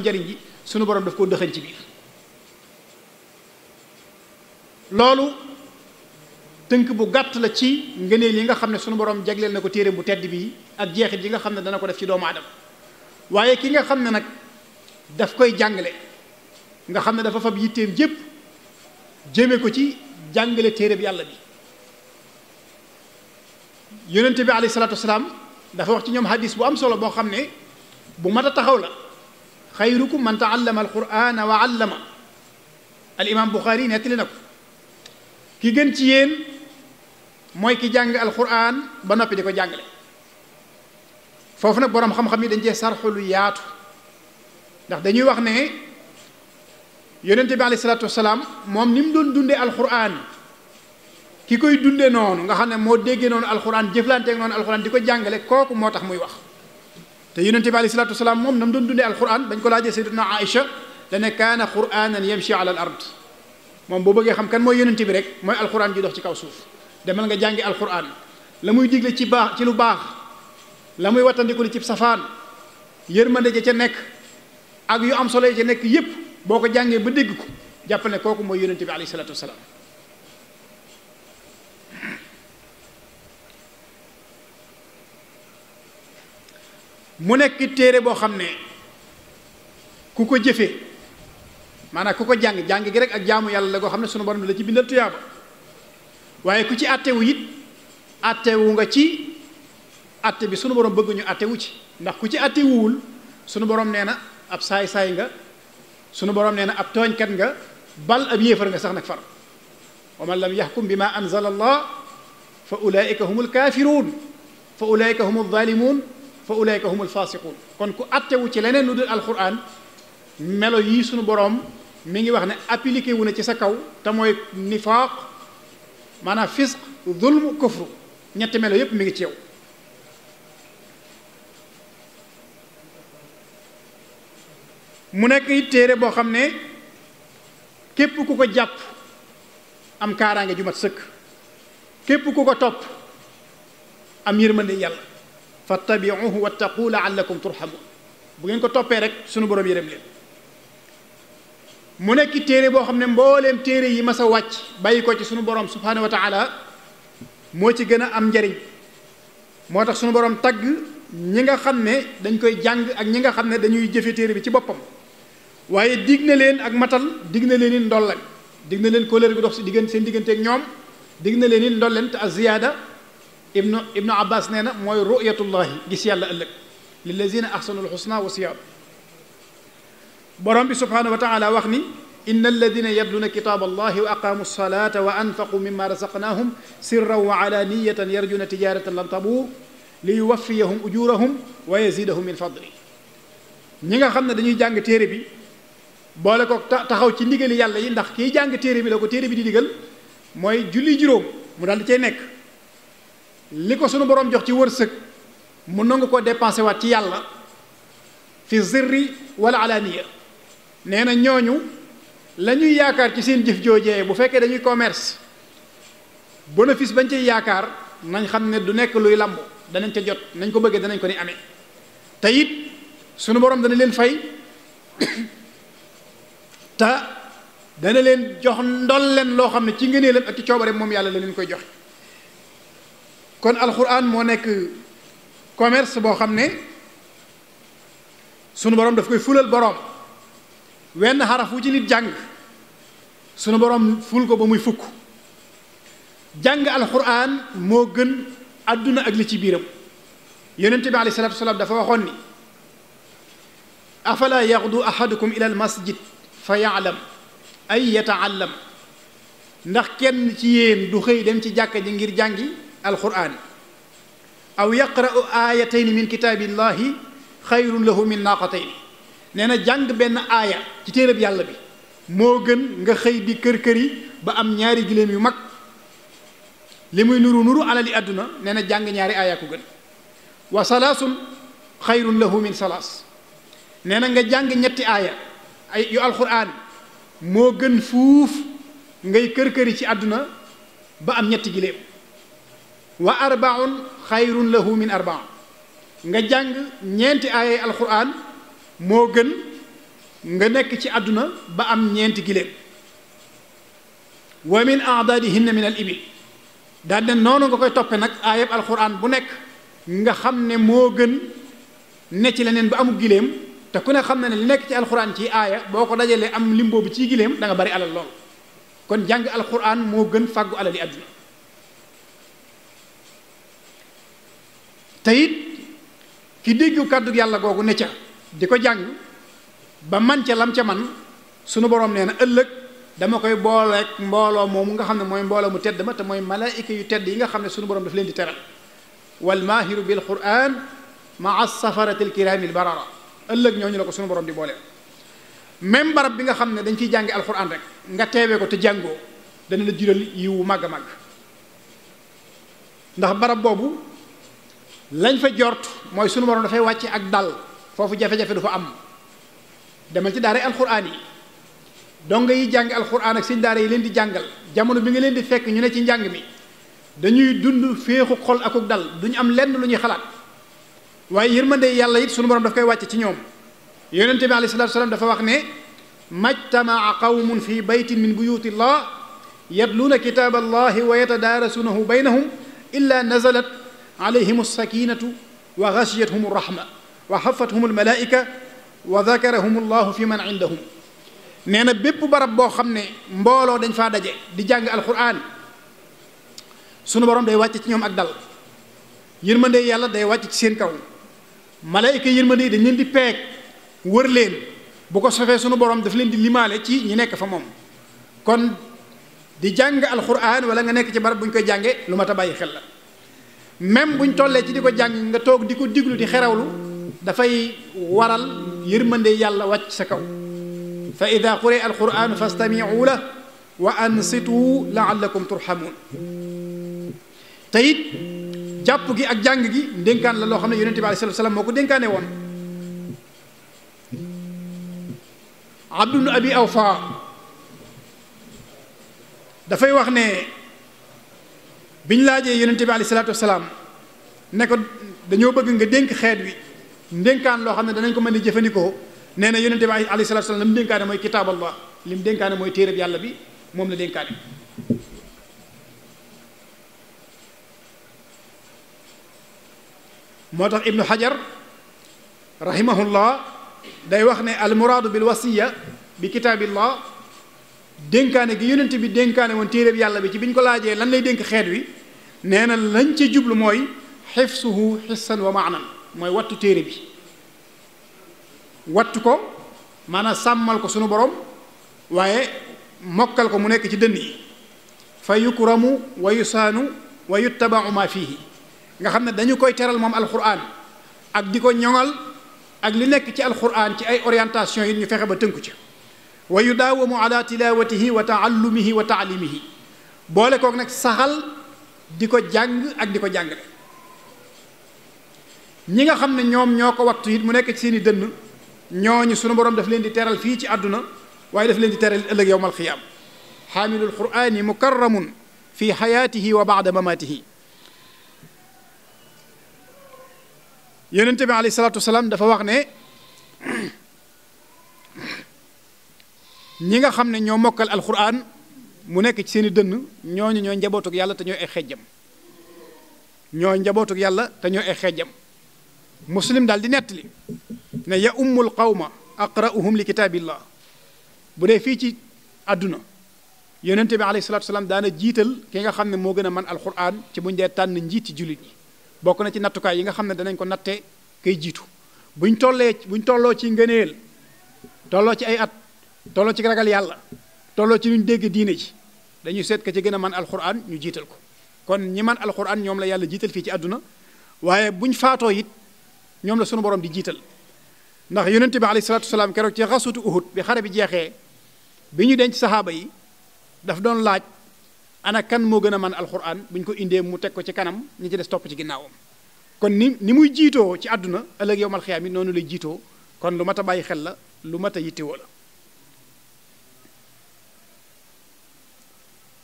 njariñ ji sunu borom daf koo dëxañ ci biir loolu tënk bu gàtt la ci ngëneel yi nga xam ne sunu borom jegleel na ko téere bu tedd bii ak jeexit yi nga xam ne dana ko def ci doomu aadama waaye ki nga xam ne nag daf koy jàngale nga xam ne dafa fab yitteem jépp jëme ko ci jàngale téere bi yàlla bi yonente bi alayhi dafa wax ci ñoom hadis bu am solo boo xam ne bu mat a taxaw la خيركم من تعلم القرآن وعلم الإمام بخاري نتلي نكو كي جنتيين موي كي جانج القرآن بنا بي ديكو جانج فوفنا برام خم خمي دنجي سرح الويات داخ دنيو وخني يوننتي بي عليه الصلاة والسلام موم نيم دون دوندي القرآن كي كوي دوندي نون نغا خاني مو ديغي نون القرآن جيفلانتي نون القرآن ديكو جانجلي كوكو موتاخ موي وخ te yonent ali alayhi salaatu wasalaam moom na doon dundé alquran bañ ko laajee sayyidatuna aisha dana kana quranan yamshi ala al ard moom boo bëggee xam kan moy yonent rek moy alquran ji dox ci kaw suuf demal nga jàngi alquran la diglé ci bax ci lu bax lamuy muy ci safan yermande ja ca nek ak yu am solo ya ci nek yépp boko jangé ba dégg ko jappalé koku moy mooy ali bi alayhi mu nekk téere boo xam ne ku ko jëfee maanaam ku ko jàng jàng gi rek ak jaamu yàlla la goo xam ne sunu borom la ci bindal tuyaaba waaye ku ci àttewu it àttewu nga ci àtte bi sunu borom bëgg ñu àttewu ci ndax ku ci àttewuwul sunu borom nee na ab saay-saay nga sunu borom nee na ab tooñkat nga bal ab yéefar nga sax nag far wa man lam yaxkum bi ma anzala allah fa ulaika humul kaafiruun fa ulaika humul zaalimuun فاولئك هم الفاسقون كون كو اتيو سي لنين نودل القران ملو يي سونو بوروم ميغي واخني ابليكي وونا سي ساكاو تا موي نفاق مانا فسق ظلم كفر نيت ملو ييب ميغي تيو mu nek téré bo xamné képp ku ko japp am karangé juma sëkk képp ku ko top am yërmandé yalla فاتبعوه واتقوا لعلكم ترحمون بغينكو توبي رك سونو بروم يرم لين مو نيكي تيري بو خامني مبولم تيري يما سا واتش بايكو سي سونو بروم سبحانه وتعالى مو تي غنا ام جاري موتاخ سونو بروم تاغ نيغا خامني دنجكاي جانغ اك نيغا خامني دانيوي جيفي تيري بي سي بوبام waye digna len ak matal digna len ni ndol la digna len colère gu dox ci digën sen digënté ak ñom digna len ni ndol len ta ziyada ابن ابن عباس نينا موي رؤيه الله غيس يالا الك للذين احسنوا الحسنى وصيام برام سبحانه وتعالى واخني ان الذين يبلون كتاب الله واقاموا الصلاه وانفقوا مما رزقناهم سرا وعلانيه يرجون تجاره لن تبور ليوفيهم اجورهم ويزيدهم من فضله نيغا خامنا دانيو جانغ تيري بي بولكو تاخاو سي نيغالي يالا يي نداخ كي جانغ تيري بي لاكو تيري بي دي ديغال موي جولي جيروم مو دال تي نيك li ko sunu borom jox ci wërsëg mu nangu ko dépensé waat ci yàlla fi zirri wala alaaniya nee na ñooñu la ñuy yaakaar ci seen jëf joojee bu fekkee dañuy commerce bénéfice bañ ciy yaakaar nañ xam ne du nekk luy làmb danañ ca jot nañ ko bëggee danañ ko ni amee te it sunu borom dana leen fay te dana leen jox ndol leen loo xam ne ci ngëneelam ak ci coobareem moom yàlla la leen koy joxe. kon alxuraan moo nekk commerce boo xam ne sunu borom daf koy fulal borom wenn xaraf wu ci nit jàng sunu borom ful ko ba muy fukk jàng alxuraan moo gën àdduna ak li ci biiram yonent bi aleyhi salaatu wasalaam dafa waxoon ni afala yaxdu ahadukum ila al masjid fa yaalam ay yataallam ndax kenn ci yéen du xëy dem ci jàkka ji ngir jàngi alquran aw yaqra'u aayatayn min kitaabillahi xayrun lahu min naaqatayn nee na jàng benn aaya ci téereb yàlla bi moo nga xëy di kër kër yi ba am ñaari giléem yu mag li muy nuru nuru alali àdduna nee na jàng ñaari aaya ko gën wa salaasun xayrun lahu min salaas nee nga jàng ñetti aaya ay yu alquran moo gën fuuf ngay kër kër ci àdduna ba am ñetti giléem واربع خير له من اربع arbaun nga jàng ñenti aayay alquran mo gën nga nek ci aduna ba am ñenti gilé wa min a'dadihin min al ibil daal na nonu nga koy topé nak aayab alquran bu nek nga xamné mo gën ne ci lenen bu amu gilém te ku ne xamné li nek ci alquran ci aaya boko dajalé am limbo bu ci gilém da nga bari alal lool kon jàng alquran mo gën fagu alali aduna te it ki déggu kàddu yàlla googu ne ca di ko jàng ba man ca lam ca man sunu borom nee na ëllëg dama koy booleek mbooloo moomu nga xam ne mooy mbooloo mu tedd ma te mooy malaayika yu tedd yi nga xam ne sunu borom daf leen di la wal maahiru bil quran maa safarati alkiraami albarara ëllëg ñooñu la ko sunu borom di boole même barab bi nga xam ne dañ ciy jàngi alquran rek nga teewee ko te jàngoo dana la jural yiwu màgg a màgg ndax barab boobu lañ fa jort mooy sunu borom dafay wàcce ak dal foofu jafe-jafe du fa am demal ci daara alxuraan yi donga yi jàng alxuraan ak seen daara yi leen di jàngal jamono bi nga leen di fekk ñu ne ci njàng mi dañuy dund féexu xol akuk dal duñu am lenn lu ñuy xalaat waaye yërmande yàlla it sunu borom daf koy wàcce ci ñoom yonente bi alayhi salaatu dafa wax ne majtamaa qawmun fi baytin min buyuti llah yatluuna kitaaba allahi wa yatadaarasunahu baynahum illa nazalat عليهم السكينة وغشيتهم الرحمة وحفتهم الملائكة وذكرهم الله في من عندهم نانا بيب برب بو خامني مبولو دنج فا داجي دي جانغ القران سونو بروم داي واتي نيوم اك دال يرمندي يالا داي واتي سين كاو ملائكه يرمندي دنج لين دي بيك وور لين بوكو سوفي سونو بروم داف لين دي ليمالي تي ني نيك فا موم كون دي جانغ القران ولا nga nek ci barab buñ koy jangé luma ta baye xel la même buñ tollé ci diko jàng nga tok diko diglu di xerawlu fay waral yërmande yàlla wàcc sa kaw fa idha quri alquran fastamiu la wa ansitu laallakum turhamun tayit jàpp gi ak jàng gi denkan la lo xamne ne yonente bi alei salatu salaam moo ko dénkaane woon abi awfa da fay wax ne biñ ñu laajee yonente bi alayhi salaatu wasalaam ne ko dañoo bëgg nga dénk xeet wi ndénkaan loo xam ne danañ ko mën di jëfandikoo nee na yonente bi alayhi salaatu wasalaam la dénkaane mooy kitaaballah allah lim dénkaane mooy téereb yàlla bi moom la dénkaane moo tax ibnu hajar rahimahullah day wax ne al muraadu bil wasiya bi kitaabillah dénkaane gi yonente bi dénkaane woon téereb yàlla bi ci biñ ko laajee lan lay dénk xeet wi nee na lañ ca jublu mooy xifsuhu xissan wa maanan mooy wattu téere bi wattu ko maanaam sàmmal ko sunu borom waaye mokkal ko mu nekk ci dënn yi fa yukramu wa yusaanu wa yuttabaau ma fiihi nga xam ne dañu koy teral moom alquran ak di ko ñoŋal ak li nekk ci alquran ci ay orientation yi ñu fexe ba tënku ci wa yudaawamu ala tilawatihi wa taallumihi wa taalimihi boole koog nag saxal diko jàng ak diko jàngale ñi nga xamne ñom ñoko ñoo yit mu nek ci seeni deun ñoñu sunu borom daf leen di teral fi ci aduna waaye daf leen di teral ëlëk yowmal khiyam hamilul qur'an mukarram fi hayatihi wa baada mamaatihi yonente bi alayhi salaatu wasalaam dafa wax ne ñi nga xamne ñoo mokal al qur'an mu nekk ci seen i dënn ñooñu ñooy njabootug yàlla te ñooy ay xejjam ñooy njabootug yàlla te ñooy ay xejjam muslim daal di nettali ne ya ummul qawma aqra'uhum li kitabillah bu dee fii ci àdduna yonente bi alayhi salatu salaam daana jiital ki nga xam ne moo gën a mën alquran ci buñ dee tànn njiit ci julit ñi bokk na ci nattukaay yi nga xam ne danañ ko natte kay jiitu buñ tollee buñ tolloo ci ngëneel tolloo ci ay at tolloo ci ragal yàlla tolloo ci luñ dégg diine ji dañuy seet ka ci gën a man alquran ñu jiital ko kon ñi man alquran ñoom la yàlla jiital fii ci àdduna waaye buñ faatoo it ñoom la sunu borom di jiital ndax yonente bi alayhi salatu wasalaam keroog ci xasutu uhud bi xare bi jeexee bi ñu denc saxaaba yi daf doon laaj ana kan moo gën a man alquran buñ ko indee mu teg ko ci kanam ñi ci des topp ci ginnaawam kon ni ni muy jiitoo ci àdduna ëllëg yowmal xiyaam yi noonu lay jiitoo kon lu mat a bàyyi xel la lu mat a yittewoo la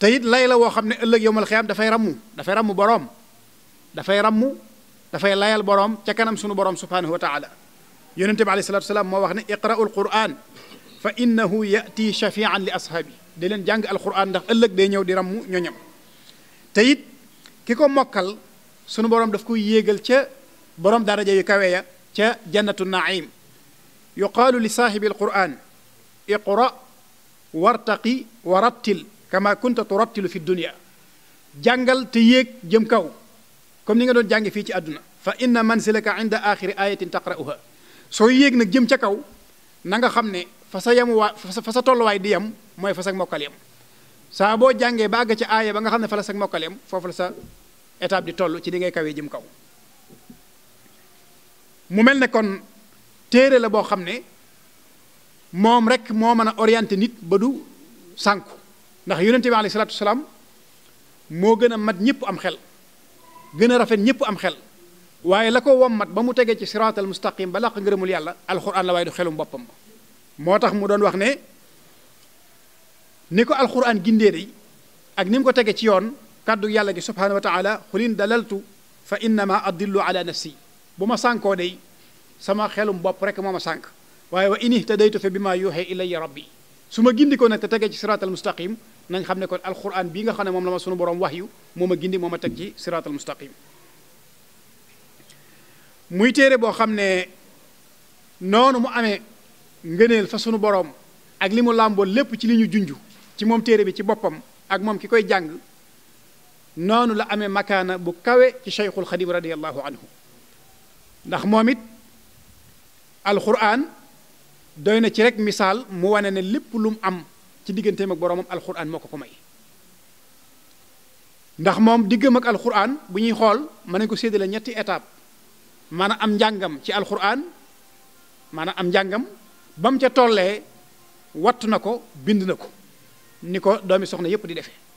تيد ليلة وخمن إلّا يوم الخيام دفع رمو دفع رمو برام دفع رمو دفع ليلة برام تكنم سنو برام سبحانه وتعالى ينتب عليه الصلاة والسلام ما وخن اقرأ القرآن فإنه يأتي شفيعا لأصحابي دلنا جنگ القرآن دخ إلّا دينيو يو درمو نيم تيد كيكو مكال سنو برام دفكو ييجل تي برام درجة يكويا تي جنة النعيم يقال لصاحب القرآن اقرأ وارتقي ورتل kama kunta turattilu fi dunia jàngal te yéeg jëm kaw comme ni nga doon jànge fii ci àdduna fa inna mansilaka inda axiri ayatin taqra'uha soo yéeg nag jëm ca kaw na nga xam ne fa sa yemuwaa fa sa tolluwaay di yam mooy fa sag mokkal yem saa boo jàngee ba àgg ca aaya ba nga xam ne fa la sa mokkal yem foofu la sa étape di toll ci ni ngay kawee jëm kaw mu mel ne kon téere la boo xam ne moom rek moo mën a orienté nit ba du sànku ndax yonente bi alayhi salatu wasalam moo gën a mat ñëpp am xel gën a rafet ñëpp am xel waaye la ko mat ba mu tegee ci siraatal mustaqim ba làq ngërëmul yàlla alquran la waaye du xelum boppam moo tax mu doon wax ne ni ko alxuraan gindee day ak ni mu ko tege ci yoon kàddu yàlla gi subhanahu wa taala xulin dalaltu fa innama adillu ala nafsi bu ma sànkoo day sama xelum bopp rek moo ma sànk waaye wa in ihtadaytu fi bima ma yuuxee ilayya rabbi su ma gindi ko nag te tegee ci siraatal mustaqim nañ xam ne kon alquran bii nga xam ne moom la ma sunu borom wax yu moo ma gindi moo ma teg ci siraatal mustaqim muy téere boo xam ne mu amee ngëneel fa sunu borom ak li mu lépp ci li ñu ci moom téere bi ci boppam ak moom ki jàng noonu la amee makaana bu kawe ci cheikhul xadim radiallahu anhu ndax moom alquran doy na ci rek misaal mu wane ne lépp lu mu am ci digganteem ak boromam alxuraan moo ko ko may ndax moom diggam ak alxuraan bu ñuy xool mën nañ ko séddale ñetti étape maanaam am njàngam ci alxuraan maanaam am njàngam ba mu ca tollee wattu na ko bind na ko ni ko doomi soxna yépp di defee